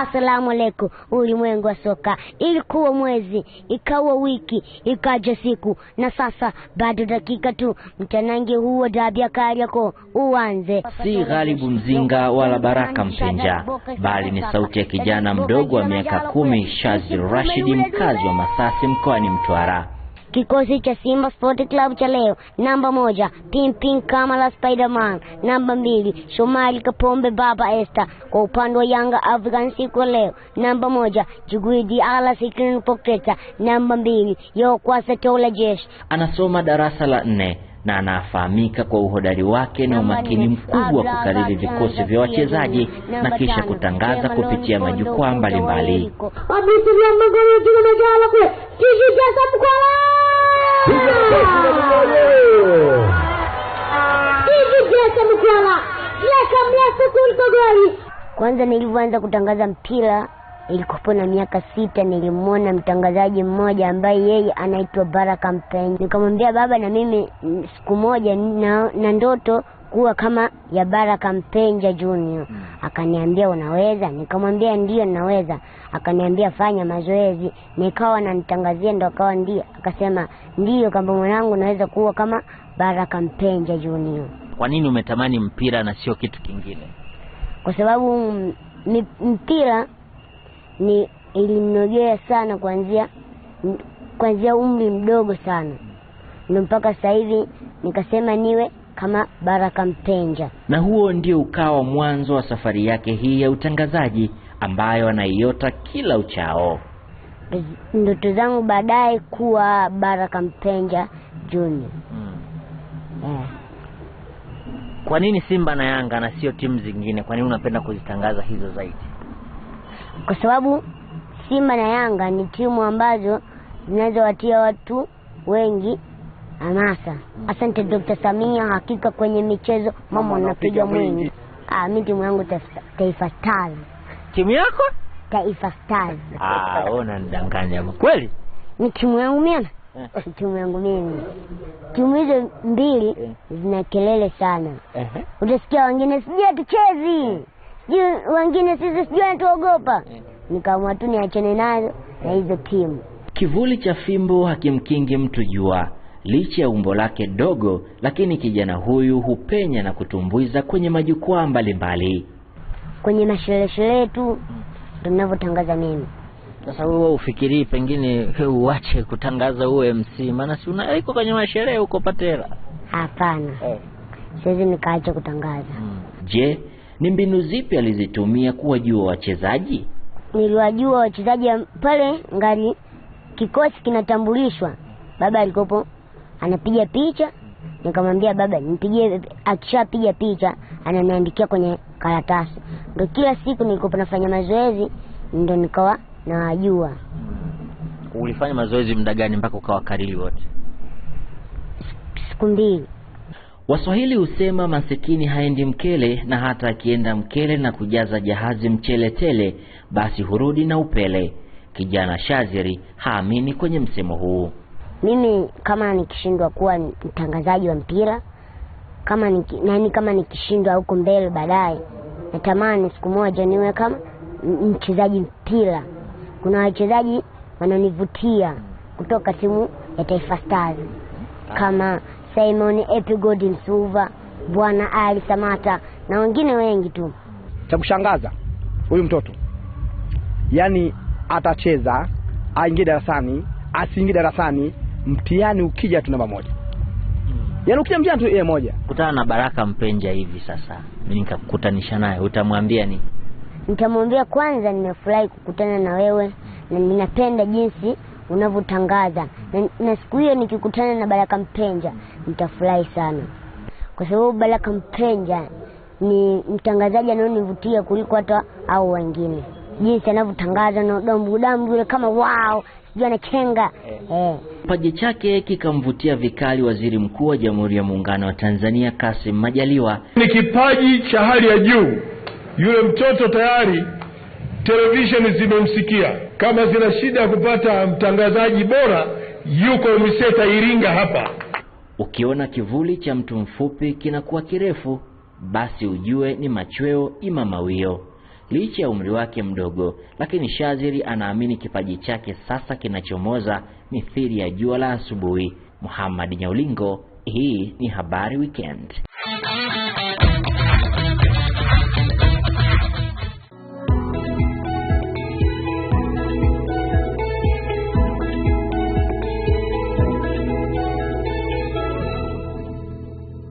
Asalamu alaikum, ulimwengu wa soka. Ilikuwa mwezi, ikawa wiki, ikaja siku, na sasa bado dakika tu, mtanange huo dabi ya Kariakoo uanze. Si Ghalibu Mzinga wala Baraka Mpenja, bali ni sauti ya kijana mdogo wa miaka kumi, Shazil Rashidi, mkazi wa Masasi mkoani Mtwara. Kikosi cha Simba Sport Club cha leo, namba moja Pimpin kama la Spiderman, namba mbili Shomari Kapombe Baba Esther. Kwa upande wa Yanga African siku leo, namba moja Jiguidi Ala Sikrin Poketa, namba mbili Yokwasa Tola Jesh. Anasoma darasa la nne na anafahamika kwa uhodari wake na umakini mkubwa wa kukariri vikosi vya wachezaji na kisha kutangaza kupitia majukwaa mbalimbali. Hivi Mkwala, Kwanza nilivyoanza kutangaza mpira ilikopo na miaka sita, nilimwona mtangazaji mmoja ambaye yeye anaitwa Baraka Mpenzi. Nikamwambia baba, na mimi siku moja na, na ndoto kuwa kama ya Baraka Mpenja Junior. Hmm. Akaniambia unaweza, nikamwambia ndio naweza. Akaniambia fanya mazoezi, nikawa nanitangazia, ndo akawa ndio, akasema ndio kamba mwanangu naweza kuwa kama Baraka Mpenja Junior. Kwa nini umetamani mpira na sio kitu kingine? Kwa sababu mpira ni ilinogea sana kuanzia kuanzia umri mdogo sana ndo mpaka sasa hivi nikasema niwe kama Baraka Mpenja. Na huo ndio ukawa mwanzo wa safari yake hii ya utangazaji ambayo anaiota kila uchao. Ndoto zangu baadaye kuwa Baraka Mpenja Junior. Hmm. hmm. Kwa nini Simba na Yanga na sio timu zingine? Kwa nini unapenda kuzitangaza hizo zaidi? Kwa sababu Simba na Yanga ni timu ambazo zinazowatia watu wengi hamasa. Asante dokta Samia, hakika kwenye michezo mama wanapiga mwingi. Ah, mi timu yangu Taifa Stars. Timu yako Taifa Stars? Ah, wewe unanidanganya kweli? Ni timu yangu mimi eh. timu yangu mimi. Timu hizo mbili eh. zina kelele sana, utasikia wengine sijui hatuchezi, eh. sijui wengine sisi sijui anatuogopa. Nikaamua tu niachane nazo na hizo timu. Kivuli cha fimbo hakimkingi mtu jua. Licha ya umbo lake dogo, lakini kijana huyu hupenya na kutumbuiza kwenye majukwaa mbalimbali, kwenye masherehe tu ndio ninavyotangaza mimi. Sasa wewe ufikirii pengine uache kutangaza uwe MC? Maana si unaiko kwenye masherehe huko patera. Hapana eh, siwezi nikaacha kutangaza hmm. Je, ni mbinu zipi alizitumia kuwajua wachezaji? Niliwajua wachezaji pale ngali kikosi kinatambulishwa, baba alikopo anapiga picha, nikamwambia baba nipigie. Akishapiga picha ananiandikia kwenye karatasi, ndo kila siku nilikuwa nafanya mazoezi, ndo nikawa nawajua. Ulifanya mazoezi muda gani mpaka ukawa karili wote? Siku mbili. Waswahili husema masikini haendi mkele, na hata akienda mkele na kujaza jahazi mchele tele, basi hurudi na upele. Kijana Shaziri haamini kwenye msemo huu mimi kama nikishindwa kuwa mtangazaji wa mpira kama niki, nani kama nikishindwa huko mbele baadaye natamani siku moja niwe kama mchezaji mpira kuna wachezaji wananivutia kutoka timu ya taifa stars kama simon epigod msuva bwana ali samata na wengine wengi tu cha kushangaza huyu mtoto yaani atacheza aingie darasani asiingie darasani mtihani ukija tu namba moja hmm. yaani ukija mtihani tu yeye moja. Kutana na Baraka Mpenja hivi sasa, mimi nikakukutanisha naye, utamwambia ni Nitamwambia kwanza, nimefurahi kukutana na wewe na ninapenda jinsi unavyotangaza na, na siku hiyo nikikutana na Baraka Mpenja nitafurahi sana, kwa sababu Baraka Mpenja ni mtangazaji anayonivutia kuliko hata au wengine, jinsi anavyotangaza na udambudambu yule kama wao sijui Chenga eh. Kipaji chake kikamvutia vikali Waziri Mkuu wa Jamhuri ya Muungano wa Tanzania Kassim Majaliwa. Ni kipaji cha hali ya juu. Yule mtoto tayari televisheni zimemsikia. Kama zina shida ya kupata mtangazaji bora, yuko UMISETA Iringa hapa. Ukiona kivuli cha mtu mfupi kinakuwa kirefu, basi ujue ni machweo imamawio. Licha ya umri wake mdogo, lakini Shaziri anaamini kipaji chake sasa kinachomoza mithili ya jua la asubuhi. Muhammad Nyaulingo, hii ni Habari Weekend.